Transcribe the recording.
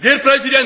Dear President,